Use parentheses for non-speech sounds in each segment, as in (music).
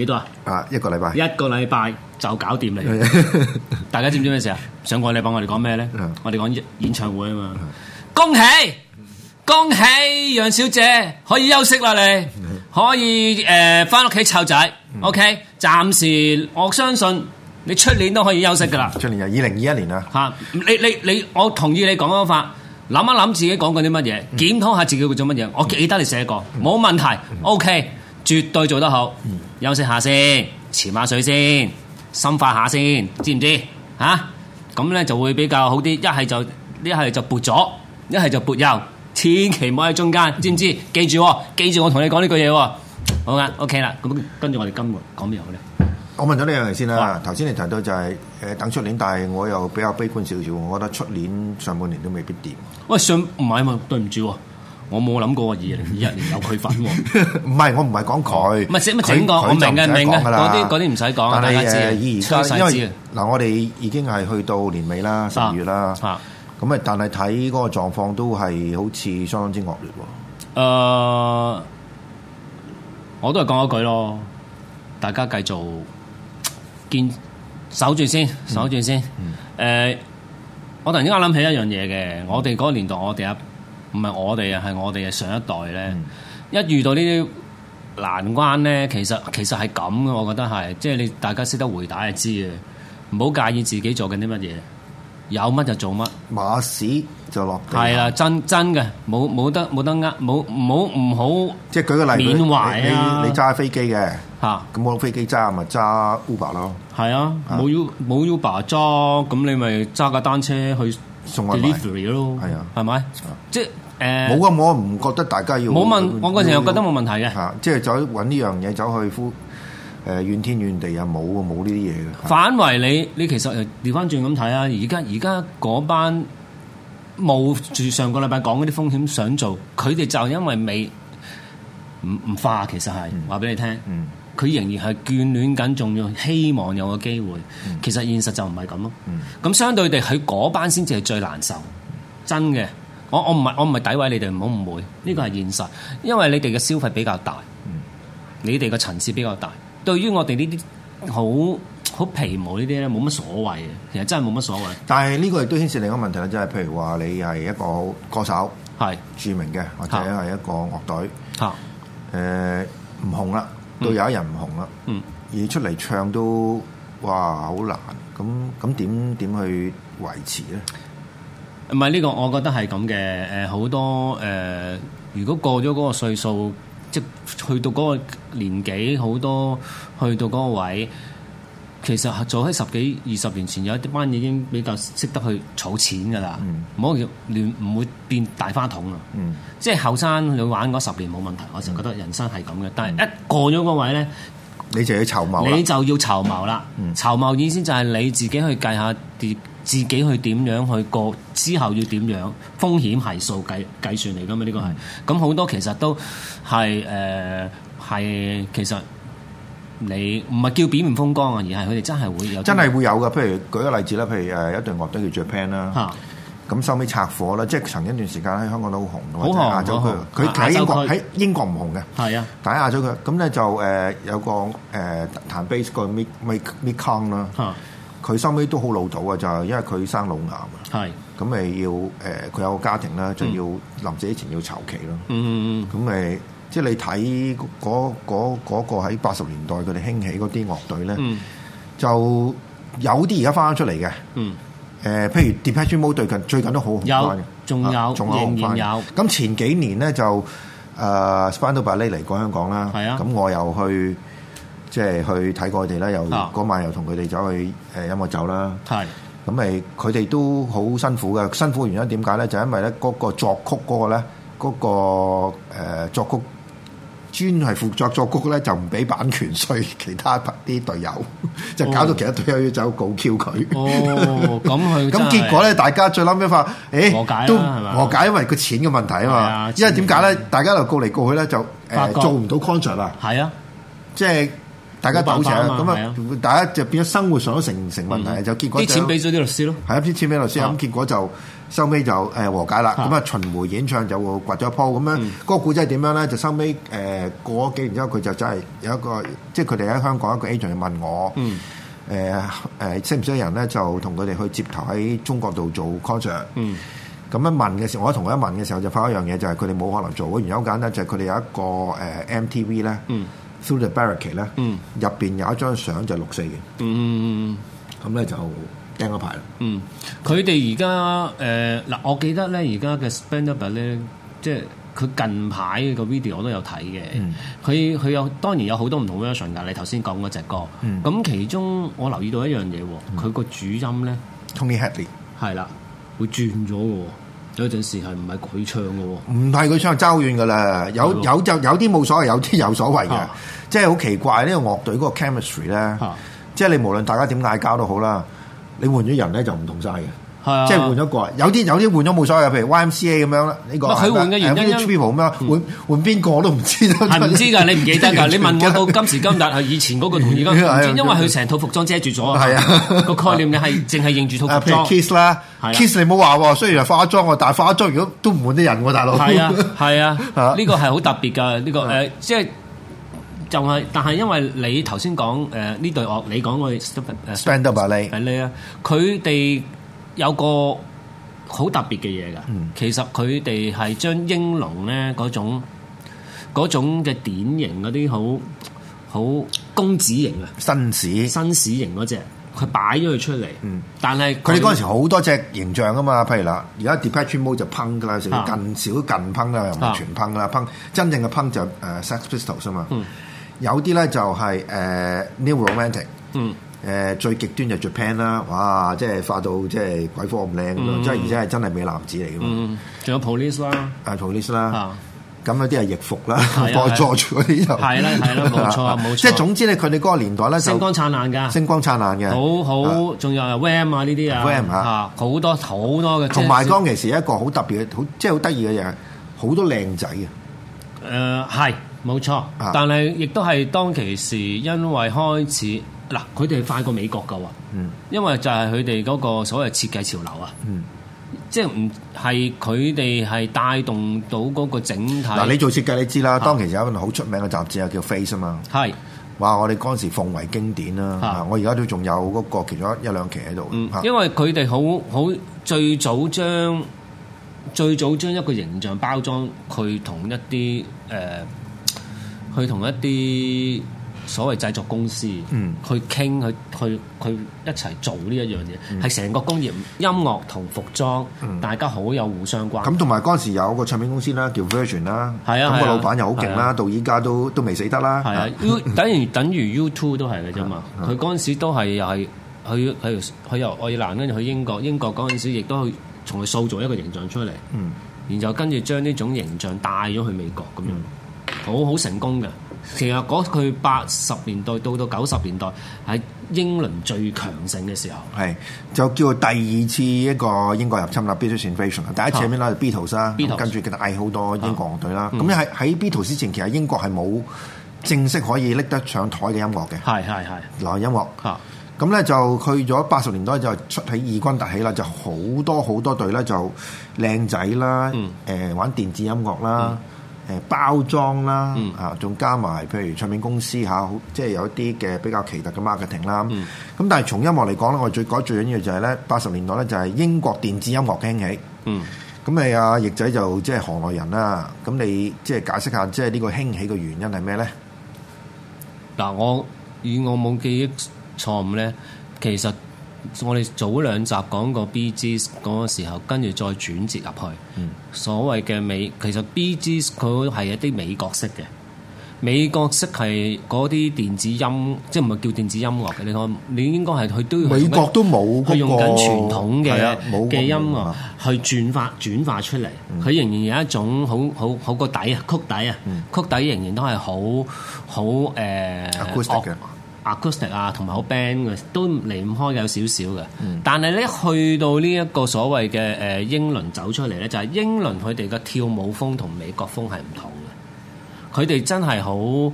幾多啊？啊，一個禮拜，一個禮拜就搞掂你。 (laughs) 大家知唔知咩事啊？上個禮拜我哋講咩咧？ (laughs) 我哋講演唱會啊嘛。 (laughs) (laughs) 恭。恭喜恭喜楊小姐可以休息啦，你可以誒翻屋企湊仔。OK，暫時我相信你出年都可以休息噶啦。出年就二零二一年啦。吓， (laughs) 你你你，我同意你講法。諗一諗自己講過啲乜嘢，檢討、嗯、下自己會做乜嘢。我記得你寫過，冇問題。OK。絕對做得好，嗯、休息下先，潛下水先，深化下先，知唔知？嚇咁咧就會比較好啲。一係就一係就撥左，一係就撥右，千祈唔好喺中間，知唔知？記住、哦，記住我同你講呢句嘢喎、哦。好啊，OK 啦。咁跟住我哋今日講咩好咧？我問咗呢樣嘢先啦。頭先的你提到就係、是、誒、呃、等出年，但係我又比較悲觀少少。我覺得出年上半年都未必掂。喂，唔係嘛？對唔住。我冇諗過二零二一年有佢份喎，唔係我唔係講佢，唔係整個，我明嘅明嘅，嗰啲嗰啲唔使講，是大家知啊、呃呃，因為嗱、呃、我哋已經係去到年尾啦，十二月啦，吓，咁啊，但係睇嗰個狀況都係好似相當之惡劣喎、啊。我都係講一句咯，大家繼續堅守住先，守住先。誒、嗯嗯啊，我突然之間諗起一樣嘢嘅，我哋嗰個年代，我哋唔係我哋啊，係我哋嘅上一代咧，一遇到呢啲難關咧，其實其實係咁嘅，我覺得係，即係你大家識得回答就知嘅，唔好介意自己做緊啲乜嘢，有乜就做乜，馬屎就落地。係啦，真真嘅，冇冇得冇得呃，冇唔好唔好。即係舉個例，你你揸飛機嘅吓，咁冇飛機揸咪揸 Uber 咯，係啊，冇 Uber 揸，咁你咪揸架單車去送 delivery 咯，係啊，係咪？即係。誒，冇啊冇啊，唔的覺得大家要冇問，要我嗰時又覺得冇問題嘅，啊。即係走揾呢樣嘢走去呼誒怨天怨地啊，冇啊冇呢啲嘢嘅。反為你，你其實調翻轉咁睇啊，而家而家嗰班冒住上個禮拜講嗰啲風險，想做，佢哋就因為未唔唔化，其實係話俾你聽，佢、嗯、仍然係眷戀緊，仲要希望有個機會。嗯、其實現實就唔係咁咯。咁、嗯嗯、相對地，佢嗰班先至係最難受，真嘅。真我我唔係我唔係詆毀你哋，唔好誤會。呢個係現實，因為你哋嘅消費比較大，嗯、你哋嘅層次比較大。對於我哋呢啲好好皮毛呢啲咧，冇乜所謂嘅，其實真係冇乜所謂。但係呢個亦都牽涉另一個問題啦，就係、是、譬如話你係一個歌手，係是著名嘅，或者係一個樂隊，誒唔是、呃、紅啦，到有一人唔紅啦，嗯，而出嚟唱都哇好難，咁咁點點去維持咧？唔係呢個我覺得係咁嘅。誒、呃、好多誒、呃、如果過咗嗰個歲數，即係去到嗰個年紀好多去到嗰個位，其實早喺十幾二十年前有一啲班已經比較識得去儲錢㗎啦。唔可以亂，唔會變大花筒啊。嗯、即係後生你玩嗰十年冇問題，我就覺得人生係咁嘅。但係一過咗個位咧，你就要籌謀，你就要籌謀啦。籌、嗯嗯、謀意思就係你自己去計下跌。自己去點樣去過之後，要點樣風險係數計計算嚟㗎嘛？呢個係咁，好多其實都係誒，係其實你唔係叫表面風光啊，而係佢哋真係會有，真係會有㗎。譬如舉個例子啦，譬如誒一隊樂隊叫 Japan 啦、啊，嚇，咁收尾拆夥啦，即係曾經一段時間喺香港都好紅嘅亞洲區，佢喺英國，喺英國唔紅嘅。係啊，打亞洲佢咁咧，就誒有個誒彈 bass 個 Mick Mick Mick Karn 啦，嚇、呃。佢收尾都好老土啊，就係因為佢生老癌啊。係咁咪要誒，佢有個家庭啦，仲要臨死之前要籌期咯。嗯嗯嗯。咁咪即係你睇嗰個喺八十年代佢哋興起嗰啲樂隊咧，就有啲而家翻出嚟嘅。嗯。誒，譬如 Depeche Mode 最近最近都好紅翻，仲有仲有紅翻。咁前幾年咧就誒，Spandau Ballet 嚟過香港啦。係啊。咁我又去。即係去睇過佢哋啦，又嗰晚又同佢哋走去誒飲個酒啦。係咁誒，佢哋都好辛苦嘅。辛苦嘅原因點解咧？就因為咧嗰個作曲嗰個咧，嗰個誒作曲專係負責作曲咧，就唔俾版權稅其他啲隊友，就搞到其他隊友要走告 Q 佢。哦，咁佢咁結果咧，大家再諗一番，誒都係嘛？何解？因為個錢嘅問題啊嘛。因為點解咧？大家又告嚟告去咧，就誒做唔到 contract 啊。係啊，即係。大家報仇啊！咁啊，大家就變咗生活上都成成問題，嗯、就結果啲錢俾咗啲律師咯。係啊，啲錢俾律師咁、啊、結果就收尾就誒和解啦。咁啊，巡迴演唱就會掘咗一鋪。咁樣嗰個古仔係點樣咧？就收尾誒過咗幾年之後，佢就真係有一個，即係佢哋喺香港一個 agent 就問我，誒誒、嗯，識唔識人咧？就同佢哋去接頭喺中國度做 concert、嗯。咁樣問嘅時，我同佢一問嘅時候，時候就發一樣嘢，就係佢哋冇可能做。原因好簡單，就係佢哋有一個誒 MTV 咧。嗯 Through the Barricade 咧，入邊有一張相就係六四嘅，嗯，咁咧就掟個牌啦。佢哋而家誒嗱，我記得咧，而家嘅 Spandau 咧，即係佢近排個 video 我都有睇嘅。佢佢有當然有好多唔同 version，噶。你頭先講嗰隻歌，咁、嗯、其中我留意到一樣嘢，佢個、嗯、主音咧 Tony Hadley 係啦，會轉咗喎。有陣時係唔係佢唱嘅喎？唔係佢唱，走遠嘅啦。有有就有啲冇所謂，有啲有，有，有，有所謂嘅，啊、即係好奇怪呢、呢個樂隊個 chemistry 咧、啊。即係你無論大家點嗌交都好啦，你換咗人咧就唔同晒嘅。即係換咗個，有啲有啲換咗冇所謂，譬如 YMCA 咁樣啦，呢個係換嘅原因。換邊個我都唔知。唔知噶，你唔記得噶？你問我到今時今日，以前嗰個同而家，唔知因為佢成套服裝遮住咗啊。係啊，個概念你係淨係認住套服裝。Kiss 啦，Kiss 你冇話喎，雖然係化妝喎，但係化妝如果都唔換啲人喎，大佬。係啊，係啊，呢個係好特別噶，呢個誒，即係就係，但係因為你頭先講誒呢對樂，你講我 Stephen 誒 Spender 阿李阿啊，佢哋。有個好特別嘅嘢㗎，嗯、其實佢哋係將英龍咧嗰種嘅典型嗰啲好好公子型啊，紳士紳士型嗰隻，佢擺咗佢出嚟。嗯，但係佢哋嗰陣時好多隻形象啊嘛，譬如嗱，而家 Depeche Mode 就烹㗎啦，少近少近烹㗎啦，又唔係全烹㗎啦，烹真正嘅烹就誒 Sex Pistols 啊嘛、嗯就是，有啲咧就係誒 New Romantic 嗯。嗯嗯。誒最極端就 Japan 啦，哇！即係化到即係鬼火咁靚咁樣，即係而且係真係美男子嚟㗎嘛！仲有 Police 啦，啊 Police 啦，咁有啲係翼服啦，代坐坐啲人，係啦係啦，冇錯冇錯。即係總之咧，佢哋嗰個年代咧，星光燦爛㗎，星光燦爛嘅，好好，仲有係 Wham 啊呢啲啊，Wham 啊，好多好多嘅。同埋當其時一個好特別嘅，好即係好得意嘅嘢，好多靚仔啊，誒係冇錯，但係亦都係當其時因為開始。嗱，佢哋快過美國㗎喎，因為就係佢哋嗰個所謂設計潮流啊，嗯、即係唔係佢哋係帶動到嗰個整體。嗱，你做設計你知啦，的當其時有一本好出名嘅雜誌啊，叫 Face 嘛的，係，哇！我哋嗰陣時奉為經典啦，的我而家都仲有嗰個其中一,一兩期喺度。因為佢哋好好最早將最早將一個形象包裝，佢同一啲誒，佢、呃、同一啲。呃所謂製作公司，去傾去去去一齊做呢一樣嘢，係成個工業音樂同服裝，大家好有互相關。咁同埋嗰陣時有個唱片公司啦，叫 Virgin 啦，咁個老闆又好勁啦，到依家都都未死得啦。係啊，等於等於 U2 都係嘅啫嘛。佢嗰陣時都係又係佢佢佢由愛爾蘭跟住去英國，英國嗰陣時亦都從佢塑造一個形象出嚟，然後跟住將呢種形象帶咗去美國咁樣，好好成功嘅。其實佢八十年代到到九十年代喺英倫最強盛嘅時候，係就叫做第二次一個英國入侵啦，British Invasion 第一次咩啦，Beatles 啦、啊，跟住佢帶好多英國樂隊啦。咁喺喺、啊嗯、Beatles 之前，其實英國係冇正式可以拎得上台嘅音樂嘅，係係係流行音樂嚇。咁咧、啊、就去咗八十年代就出喺異軍突起啦，就好多好多隊咧就靚仔啦，誒、呃、玩電子音樂啦。啊嗯嗯誒包裝啦，嚇、嗯，仲加埋譬如唱片公司嚇，即係有一啲嘅比較奇特嘅 marketing 啦。咁、嗯、但係從音樂嚟講咧，我覺得最改最緊要就係咧，八十年代咧就係英國電子音樂嘅興起。嗯，咁你啊，譯仔就即係行內人啦。咁你即係解釋下，即係呢個興起嘅原因係咩咧？嗱，我以我冇記憶錯誤咧，其實。我哋早兩集講過 B.G. 嗰個時候，跟住再轉接入去。所謂嘅美，其實 B.G. s 佢係一啲美國式嘅，美國式係嗰啲電子音，即係唔係叫電子音樂嘅。你睇，你應該係佢都美國都冇嗰、那個，佢用緊傳統嘅嘅、啊、音樂去轉化，轉化出嚟。佢、嗯、仍然有一種好好好個底啊，曲底啊，嗯、曲底仍然都係好好誒。呃呃 oust Acoustic 啊，同埋好 band 嘅都離唔開有少少嘅。嗯、但係咧，去到呢一個所謂嘅誒英倫走出嚟咧，就係、係、英倫佢哋嘅跳舞風同美國風係唔同嘅。佢哋真係好，我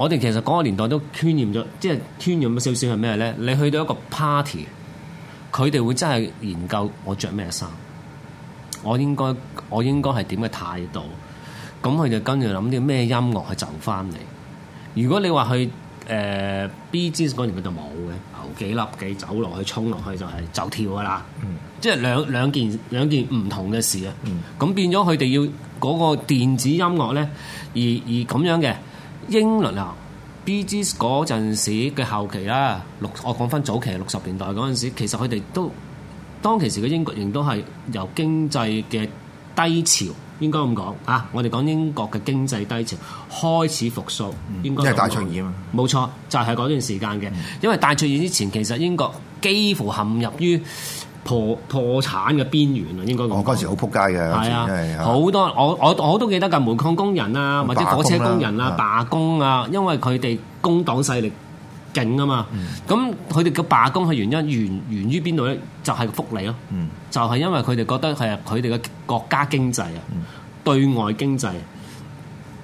哋其實嗰個年代都渲染咗，即係渲染咗少少係咩咧？你去到一個 party，佢哋會真係研究我着咩衫，我應該我應該係點嘅態度，咁佢就跟住諗啲咩音樂去走翻嚟。如果你話去誒、呃、Bee Gees 嗰年佢就冇嘅，留幾粒嘅走落去衝落去就係就跳噶啦，嗯、即係兩兩件兩件唔同嘅事啊。咁、嗯、變咗佢哋要嗰個電子音樂呢。而而咁樣嘅英倫啊，Bee Gees 嗰陣時嘅後期啦，六我講返早期六十年代嗰陣時，其實佢哋都當其時嘅英國仍都係有經濟嘅低潮。應該咁講嚇，我哋講英國嘅經濟低潮開始復甦，嗯、應該即係大災險冇錯，就係嗰段時間嘅。因為大災險之前，其實英國幾乎陷入於破破產嘅邊緣啊。應該我嗰、哦、時好仆街嘅，係啊，好多我我我都記得嘅，煤礦工人啊，或者火車工人啊，罷工啊、罷工啊，因為佢哋工黨勢力。啊嘛，咁佢哋嘅罷工嘅原因源源於邊度咧？就係、是、個福利咯，嗯、就係因為佢哋覺得係佢哋嘅國家經濟啊，嗯、對外經濟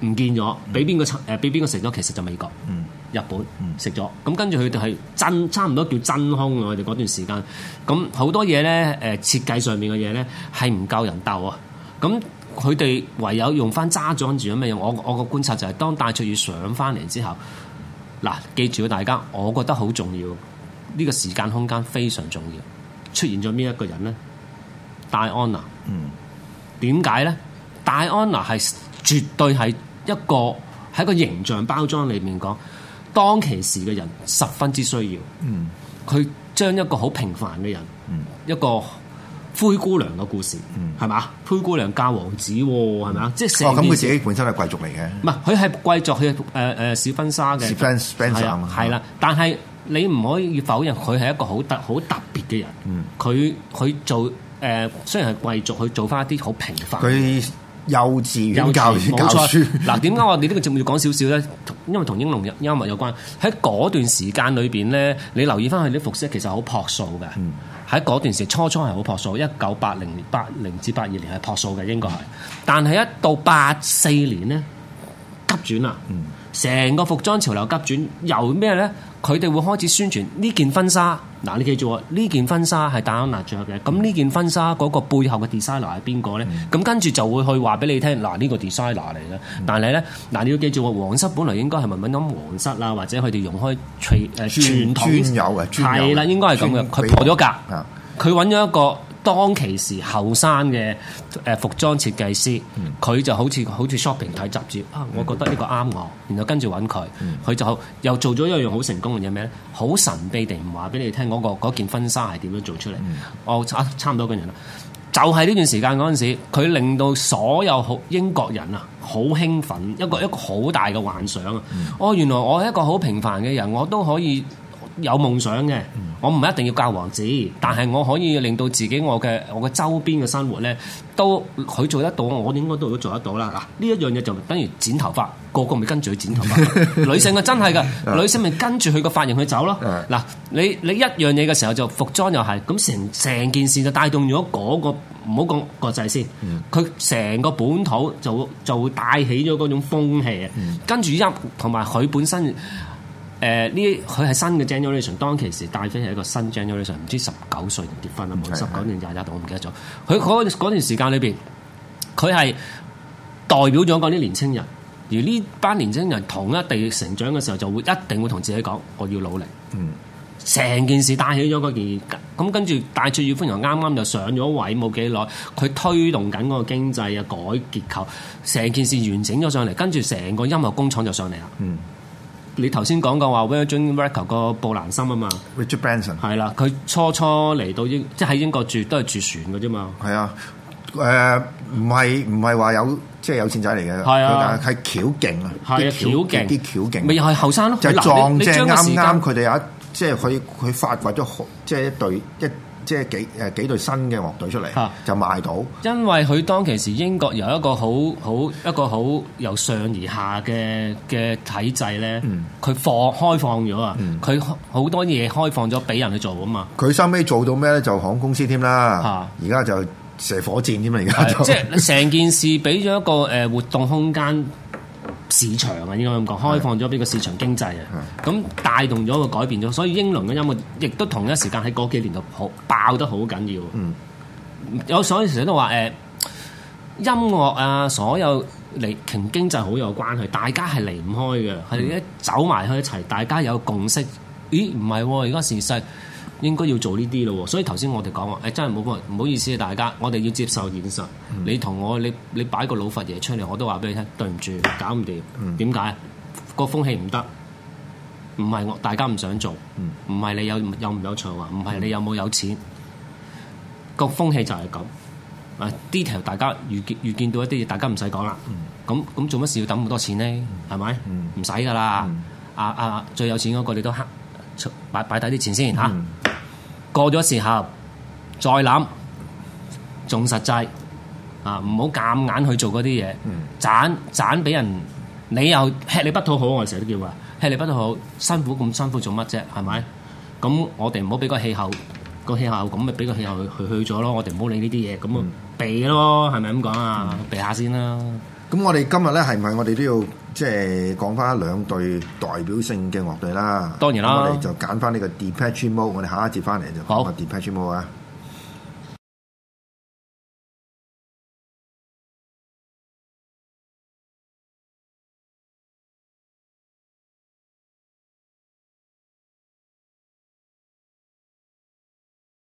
唔見咗，俾邊個誒？俾邊個食咗？其實就美國、嗯、日本、嗯、食咗。咁跟住佢哋係真差唔多叫真空啊！我哋嗰段時間，咁好多嘢咧，誒設計上面嘅嘢咧係唔夠人鬥啊！咁佢哋唯有用翻揸住咁樣用。我我個觀察就係、是、當戴卓爾上翻嚟之後。嗱，記住大家，我覺得好重要，呢個時間空間非常重要。出現咗邊一個人呢？戴安娜。嗯。點解呢？戴安娜係絕對係一個喺個形象包裝裏面，講當其時嘅人十分之需要。嗯。佢將一個好平凡嘅人。嗯、一個。灰姑娘嘅故事，係嘛、嗯？灰姑娘嫁王子，係咪啊？嗯、即係成哦，咁佢自己本身係貴族嚟嘅。唔係，佢係貴族，佢誒誒，試婚紗嘅。是 d r e s 係啦。但係你唔可以否認佢係一個好特好特別嘅人。佢佢、嗯、做誒、呃，雖然係貴族，佢做翻一啲好平凡。佢幼,幼稚，幼稚園教書錯。嗱，點解我哋呢個節目要講少少咧？因為同英倫英物有關。喺嗰段時間裏邊咧，你留意翻佢啲服飾，其實好朴素嘅。嗯喺嗰段時初初係好樸素，一九八零年、八零至八二年係樸素嘅應該係，但係一到八四年呢，急轉啦，成、嗯、個服裝潮流急轉由咩呢？佢哋會開始宣傳呢件婚紗，嗱你記住喎，呢件婚紗係戴安娜著嘅，咁呢件婚紗嗰個背後嘅 designer 係邊個咧？咁、嗯、跟住就會去話俾你聽，嗱、呢個嗯、呢個 designer 嚟嘅，但係咧，嗱你要記住喎，皇室本來應該係咪慢咁皇室啊，或者佢哋用開傳誒傳統有嘅，係啦，應該係咁嘅，佢有破咗格，佢揾咗一個。當其時後生嘅誒服裝設計師，佢、嗯、就好似好似 shopping 睇雜誌啊，我覺得呢個啱我，然後跟住揾佢，佢、嗯、就又做咗一樣好成功嘅嘢咩咧？好神秘地唔話俾你聽、那、嗰、個、件婚紗係點樣做出嚟。我、嗯哦、差唔多跟人啦，就係、是、呢段時間嗰陣時，佢令到所有好英國人啊好興奮，一個一個好大嘅幻想啊！嗯、哦，原來我係一個好平凡嘅人，我都可以有夢想嘅。嗯我唔一定要教王子，但係我可以令到自己我嘅我嘅周邊嘅生活咧，都佢做得到，我應該都做得到啦。嗱，呢一樣嘢就等於剪頭髮，個個咪跟住去剪頭髮。 (laughs) 女性嘅真係㗎， (laughs) 女性咪跟住佢個髮型去走咯。嗱， (laughs) 你你一樣嘢嘅時候就服裝又係，咁成成件事就帶動咗嗰、嗰個唔好講國際先，佢成個本土就就會帶起咗嗰種風氣啊。 (laughs) 跟住一同埋佢本身。誒呢？佢係、呃、新嘅 generation。當其時戴妃係一個新 generation，唔知十九歲就結婚，冇十九定廿一度，我唔記得咗。佢嗰段時間裏邊，佢係代表咗嗰啲年青人。而呢班年青人同一地成長嘅時候，就會一定會同自己講：我要努力。成、嗯、件事帶起咗嗰件，咁跟住戴卓爾夫人啱啱就上咗位，冇幾耐，佢推動緊嗰個經濟啊，改結構，成件事完整咗上嚟，跟住成個音樂工廠就上嚟啦。嗯你頭先講過話 Welshing l r e c k o r 個布蘭森啊嘛，Richard Branson，係啦，佢 Benson 初初嚟到英，即喺英國住都係住船嘅啫嘛。係啊，誒唔係唔係話有即係有錢仔嚟嘅，係啊的，但係係巧勁啊，啲巧勁啲巧勁，咪又係後生咯，就撞即係啱啱佢哋有一即係佢佢發掘咗即係一隊一。即係幾誒幾隊新嘅樂隊出嚟，的就賣到。因為佢當其時英國有一個好好一個好由上而下嘅嘅體制咧，佢、嗯、放開放咗啊，佢好、嗯、多嘢開放咗俾人去做啊嘛。佢收尾做到咩咧？就航空公司添啦。而家的就射火箭添啊！而家即係成件事俾咗一個誒活動空間。市場啊，應該咁講，開放咗呢個市場經濟啊，咁的帶動咗個改變咗，所以英倫嘅音樂亦都同一時間喺嗰幾年度好爆得好緊要。嗯、有所以成日都話誒、欸，音樂啊，所有離同經濟好有關係，大家係離唔開嘅，係、嗯、一走埋去一齊，大家有共識。咦？唔係喎，而家事實。應該要做呢啲咯喎，所以頭先我哋講話，誒、哎、真係冇唔好意思啊大家，我哋要接受現實。嗯、你同我你你擺個老佛爺出嚟，我都話俾你聽，對唔住，搞唔掂。點解啊？個風氣唔得，唔係我大家唔想做，唔係、嗯、你有有唔有才華，唔係你有冇有，有錢，嗯、個風氣就係咁。啊，detail 大家遇遇見，見到一啲嘢，大家唔使講啦。咁咁做乜事要揼咁多錢呢？係咪、嗯？唔使㗎啦。啊啊，最有錢嗰個你都黑。啊擺擺低啲錢先嚇，嗯、過咗時候再諗，仲實際啊，唔好夾硬去做嗰啲嘢，盞盞俾人，你又吃力不討好，我成日都叫話，吃力不討好，辛苦咁辛苦做乜啫，係咪？咁我哋唔好俾個氣候，個氣候咁咪俾個氣候去去咗咯，我哋唔好理呢啲嘢，咁避咯，係咪咁講啊？嗯、避下先啦。咁我哋今日咧，係咪我哋都要即係講翻兩隊代表性嘅樂隊啦？當然啦，我哋就揀翻呢個 Depeche Mode，我哋下一節翻嚟就講 Depeche Mode 啊。